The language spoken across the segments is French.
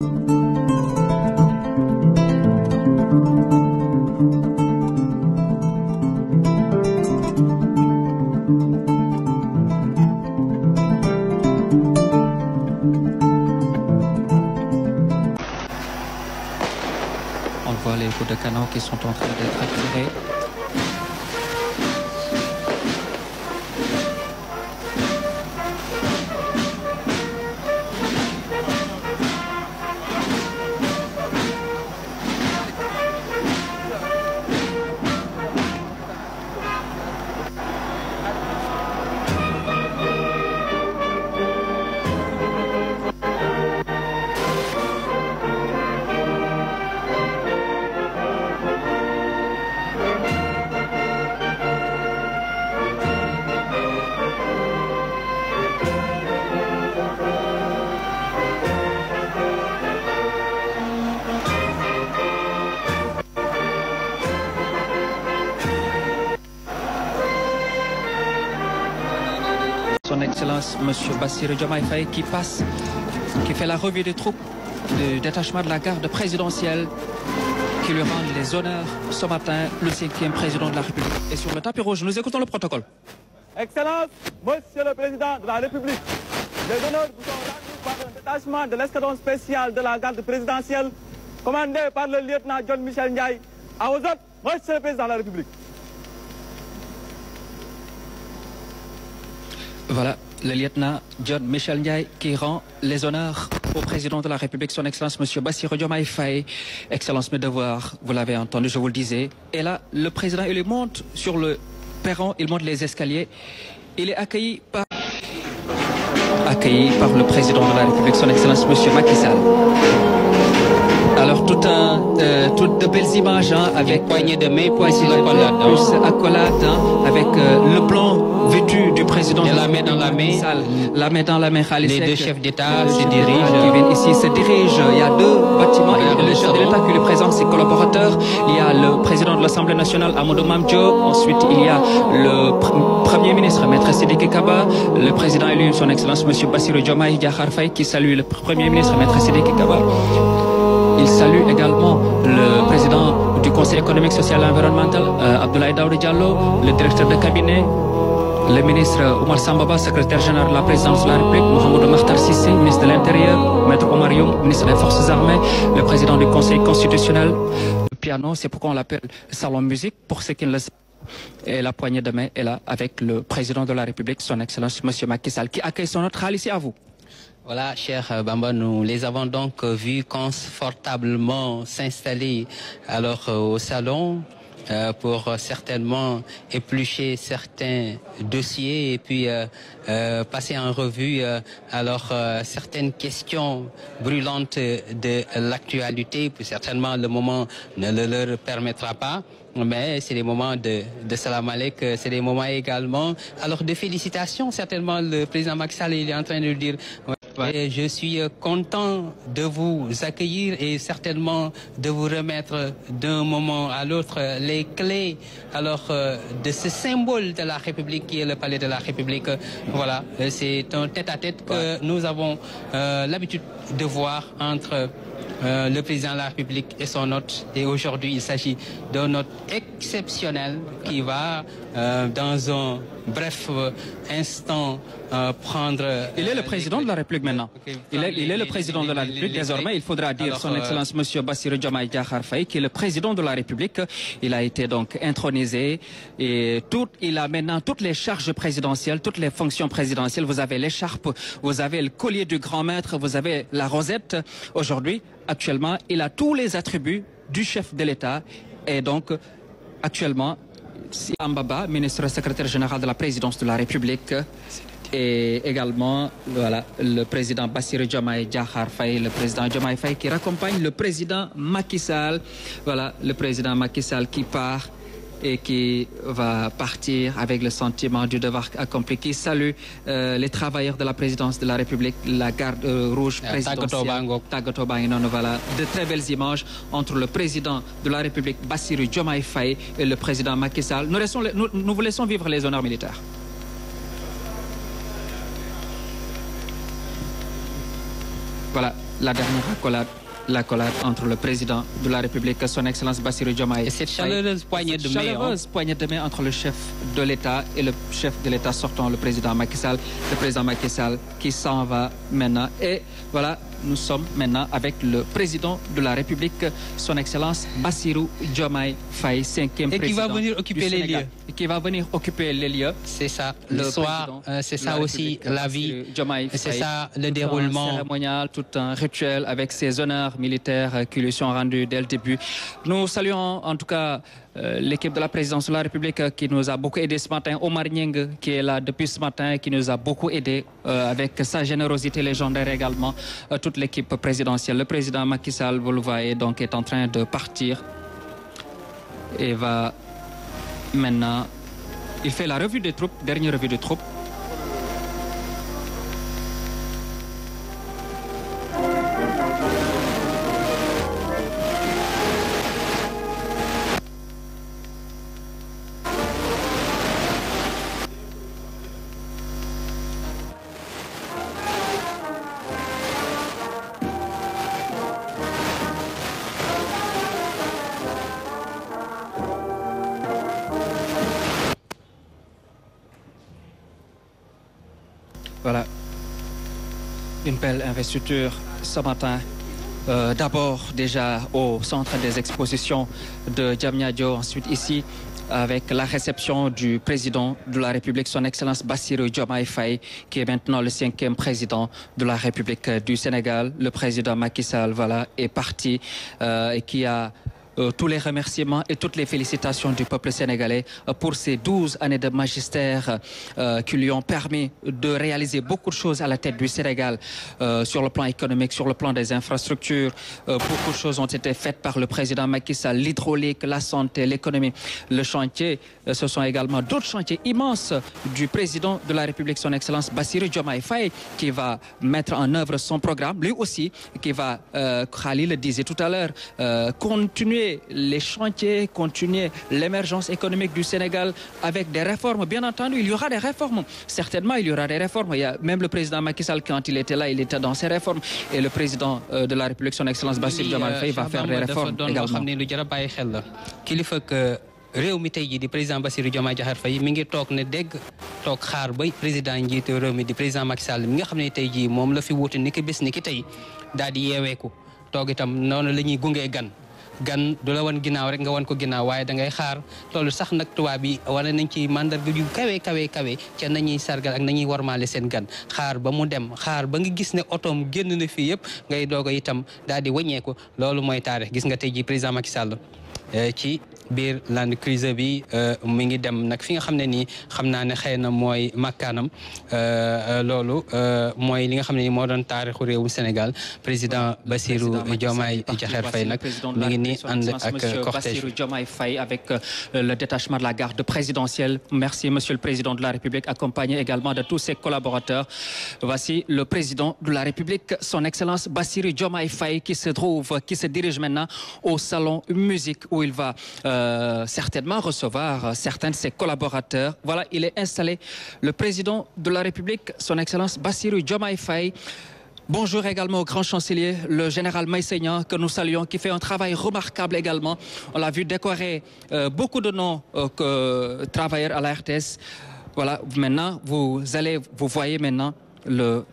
thank you M. Bassir Diomaye Faye qui passe, qui fait la revue des troupes du détachement de la garde présidentielle qui lui rend les honneurs ce matin, le cinquième président de la République. Et sur le tapis rouge, nous écoutons le protocole. Excellence, Monsieur le Président de la République, les honneurs vous sont rendus par le détachement de l'escadron spécial de la garde présidentielle, commandé par le lieutenant John Michel Ndiaye. À vous autres, Monsieur le Président de la République. Voilà, le lieutenant John Michel Ndiaye qui rend les honneurs au président de la République, son Excellence Monsieur Bassir Diomaye Faye. Excellence, mes devoirs, vous l'avez entendu, je vous le disais. Et là, le président, il monte sur le perron, il monte les escaliers. Il est accueilli par accueilli par le président de la République, son Excellence Monsieur Macky Sall tout un, euh, toutes de belles images hein, avec poignée de main, poignée de euh, hein. plus accolade hein, avec euh, le plan vêtu du président de la main dans la main, la la main, les deux chefs d'État se dirigent, qui viennent ici se dirigent. Il y a deux bâtiments, il y a le chef de l'État qui présente ses collaborateurs, il y a le président de l'Assemblée nationale Amadou Mamdjo. ensuite il y a le premier ministre Maître Sidiki Kaba, le président élu son excellence Monsieur Bassirou Diomaye Kharfay qui salue le premier ministre Maître Sidiki Kaba. Il salue également le président du Conseil économique, social et environnemental, euh, Abdoulaye Daoudi Diallo, le directeur de cabinet, le ministre Omar Sambaba, secrétaire général de la présidence de la République, Mohamed Mahtar Sissi, ministre de l'Intérieur, Maître Omar ministre des Forces armées, le président du Conseil constitutionnel. Le piano, c'est pourquoi on l'appelle salon musique, pour ceux qui ne le savent et la poignée de main est là avec le président de la République, son Excellence, M. Macky Sall, qui accueille son autre ici à vous. Voilà, cher euh, Bamba, nous les avons donc euh, vus confortablement s'installer alors euh, au salon pour certainement éplucher certains dossiers et puis passer en revue alors certaines questions brûlantes de l'actualité. Certainement le moment ne le leur permettra pas mais c'est des moments de, de Salam c'est des moments également. Alors de félicitations, certainement le président Maxal il est en train de le dire je suis euh, content de vous accueillir et certainement de vous remettre d'un moment à l'autre les clés alors euh, de ce symbole de la République qui est le palais de la République. Voilà, euh, c'est un tête-à-tête que nous avons l'habitude de voir entre euh, le président de la République et son hôte. Et aujourd'hui, il s'agit d'un hôte exceptionnel qui va, euh, dans un bref euh, instant, prendre... il est le président de la République maintenant. Il est, le président de la République. Désormais, il faudra dire son Excellence Monsieur Bassirou Diomaye Diakhar qui est le président de la République. Il a été donc intronisé et tout, il a maintenant toutes les charges présidentielles, toutes les fonctions présidentielles. Vous avez l'écharpe, vous avez le collier du grand maître, vous avez la rosette. Aujourd'hui, actuellement, il a tous les attributs du chef de l'État. Et donc, actuellement, Ambaba, ministre secrétaire général de la présidence de la République, et également voilà, le président Bassir Diomaye Djahar Faye, le président Diomaye Faye qui raccompagne le président Macky Sall. Voilà, le président Macky Sall qui part et qui va partir avec le sentiment du devoir accompli, qui salue euh, les travailleurs de la présidence de la République, la garde euh, rouge euh, présidentielle. Tagoto De très belles images entre le président de la République, Bassirou Diomaye Faye, et le président Macky Sall. Nous, vous laissons vivre les honneurs militaires. Voilà la dernière accolade la colère entre le président de la République, son Excellence Bassirou Diomaye. Et cette chaleureuse poignée de main. Hein. chaleureuse poignée de main entre le chef de l'État et le chef de l'État sortant, le président Macky Sall. Le président Macky Sall qui s'en va maintenant. Et voilà, nous sommes maintenant avec le président de la République, son Excellence Bassirou Diomaye Faye, cinquième et président. Et qui va venir occuper les lieux. Et qui va venir occuper les lieux. C'est ça, le, soir, euh, c'est ça aussi la vie. C'est ça le déroulement. Un cérémonial, tout un rituel avec ses honneurs militaires qui lui sont rendus dès le début. Nous saluons en tout cas. Euh, l'équipe de la présidence de la République euh, qui nous a beaucoup aidé ce matin, Omar Nying qui est là depuis ce matin, et qui nous a beaucoup aidé euh, avec sa générosité légendaire également, toute l'équipe présidentielle. Le président Macky Sall voyez, donc est en train de partir et va maintenant, il fait la revue des troupes, dernière revue des troupes. une belle investiture ce matin. Euh, d'abord déjà au centre des expositions de Dio, ensuite ici avec la réception du président de la République, son Excellence Bassirou Diomaye Faye, qui est maintenant le cinquième président de la République du Sénégal. Le président Macky Sall voilà, est parti euh, et qui a euh, tous les remerciements et toutes les félicitations du peuple sénégalais euh, pour ces 12 années de magistère euh, qui lui ont permis de réaliser beaucoup de choses à la tête du Sénégal sur le plan économique, sur le plan des infrastructures. beaucoup de choses ont été faites par le président Macky l'hydraulique, la santé, l'économie, le chantier. ce sont également d'autres chantiers immenses du président de la République, son Excellence Bassirou Diomaye Faye, qui va mettre en œuvre son programme, lui aussi, qui va, Khalil le disait tout à l'heure, continuer les chantiers, continuer l'émergence économique du Sénégal avec des réformes. Bien entendu, il y aura des réformes. Certainement, il y aura des réformes. même le président Macky Sall, quand il était là, il était dans ses réformes. Et le président euh, de la République, son Excellence Bassir Diomaye Faye, va euh, faire des réformes également. réew que tey jii di président Bassirou Diomaye Diakhar Faye mi ngi tok ne dégg tok xaar ba président njiitu te mi di président Macky Sall mi nga xam ne tey jii la fi wuute ni ki bés ni ki tay dal di yeeweeku tok itam noonu lañuy ñuy gan gan du la wan ginnaaw rek nga wan ko ginnaaw waaye da ngay xaar loolu sax nag tubaab yi wane nañ ci mandarga yu kawe kawe kawe ca nañuy sargal ak nañuy warmaale seen gan xaar ba mu dem xaar ba nga gis ne otoom génn na fii yëpp ngay doog a itam daal di wëññeeku loolu mooy taarix gis nga tey jii président Macky Sall qui, euh, biir Land crise bi euh, mu ngi dem nag fi nga xam ne nii xam naa ne xëy na mooy makkaanam euh, loolu mooy nga xam ne doon Sénégal président Bassirou Diomaye Faye nag mi ngi nii ànd ak cortège Faye avec le détachement de la garde présidentielle merci monsieur le président de la République accompagné également de tous ses collaborateurs voici le président de la République son excellence Bassirou Diomaye Faye qui se trouve qui se dirige maintenant au salon musique où il va euh, certainement recevoir euh, certains de ses collaborateurs. Voilà, il est installé. Le président de la République, son Excellence Bassirou Diomaye Faye. Bonjour également au grand chancelier, le général Maïseignan, que nous saluons, qui fait un travail remarquable également. On l'a vu décorer euh, beaucoup de noms que, travailleurs à la RTS. Voilà, maintenant, vous allez, vous voyez maintenant le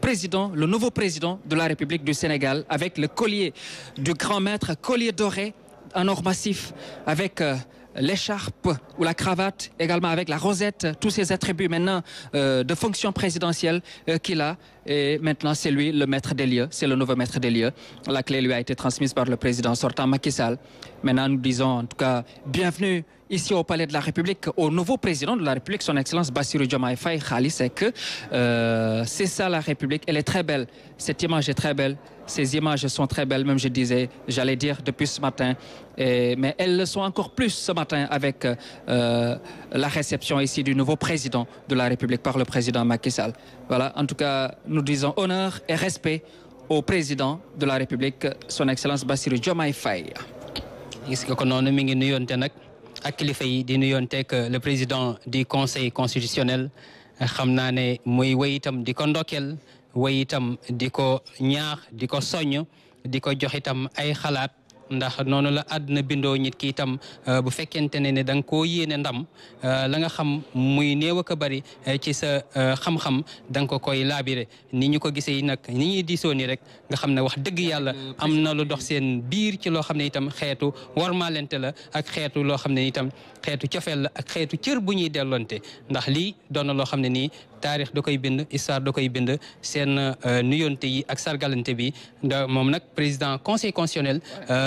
président, le nouveau président de la République du Sénégal, avec le collier du grand maître, collier doré, un or massif avec euh, l'écharpe ou la cravate, également avec la rosette, tous ces attributs maintenant euh, de fonction présidentielle euh, qu'il a. Et maintenant, c'est lui le maître des lieux, c'est le nouveau maître des lieux. La clé lui a été transmise par le président sortant Macky Sall. Maintenant, nous disons en tout cas bienvenue ici au Palais de la République au nouveau président de la République, son Excellence Bassirou Diomaye Faye Khali, c'est que euh, c'est ça la République. Elle est très belle. Cette image est très belle. Ces images sont très belles, même je disais, j'allais dire depuis ce matin. mais elles le sont encore plus ce matin avec euh, la réception ici du nouveau président de la République par le président Macky Sall. Voilà, en tout cas, nous disons honneur et respect au président de la République, son Excellence Bassirou Diomaye Faye. ak kilifa yi di euh, le président du conseil constitutionnel xam naa ne muy wéy itam di ko ndokkeel wéy itam di ko ñaax di ko soññ di ko jox itam ay xalaat ndax noonu la àdduna bindoo nit ki itam euh, bu fekkente ne ne danga nga koo yéene ndam euh, la nga xam muy néew ak bari euh, ci sa xam-xam da nga ko koy laabire ni ñu ko gisee nag ni ñuy diisoo ni rek nga xam ne wax dëgg yàlla am na lu dox seen biir ci loo xam ne itam xeetu warmaalente la ak xeetu loo xam ne itam xeetu cofeel la ak xeetu cër bu ñuy delloonte ndax lii doon na loo xam ne nii taarix da koy bind histoire da koy bind seen nuyoonte yi ak sargalante bi moom nag président conseil constitutionnel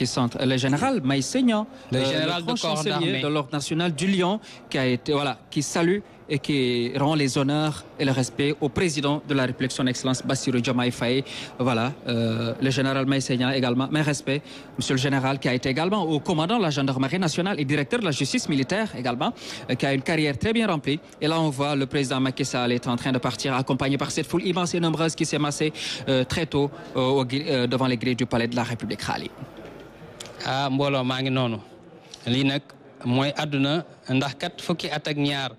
qui sont le général Maïsegna, le euh, général de de l'ordre national du Lyon, qui a été voilà, qui salue et qui rend les honneurs et le respect au président de la République, son Excellence Bassirou Diomaye Voilà, euh, le général Maïsegna également, mes respects, monsieur le général, qui a été également au commandant de la gendarmerie nationale et directeur de la justice militaire également, euh, qui a une carrière très bien remplie. Et là, on voit le président Macky Sall est en train de partir, accompagné par cette foule immense et nombreuse qui s'est massée très tôt devant les grilles du palais de la République Rally. ah mbooloo maa ngi noonu lii nag mooy àdduna ndax kat fukki at ak ñaar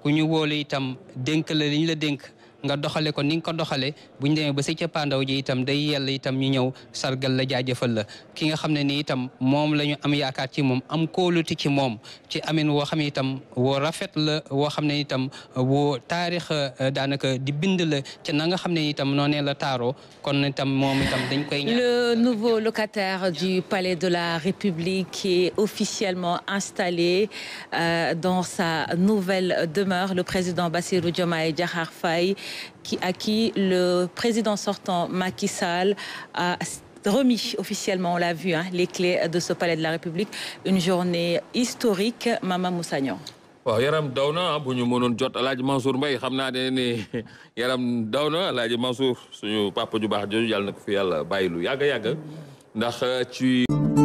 ku ñu wóolu itam dénk la li ñu la dénk nga doxale ko ni nga ko doxale buñ demee ba sa cëppaandaw ji itam day yell itam ñu ñëw sargal la jaajëfal la ki nga xam ne ni itam moom la ñu am yaakaar ci moom am kóoluti ci moom ci amin woo xam ne itam woo rafet la woo xam ne itam woo taarix eh, daanaka di bind la ci na nga xam ne itam noonee la taaroo kon itam moom itam dañ koy ñaan le nouveau locataire du palais de la République est officiellement installé euh, dans sa nouvelle demeure le président Bassirou Diomaye Diakhar Faye qui, à qui le président sortant Macky Sall a remis officiellement, on l'a vu, hein, les clés de ce palais de la République. Une journée historique, Mama Moussagnon. waaw yaram daw na ah, bu ñu mënoon jot alaaji Mansour Mbaye xam naa ne ni yaram daw na alaaji Mansour suñu papa ju baax jooju yàlla na ko fi yàlla bàyyi lu yàgg yàgg ndax euh, ci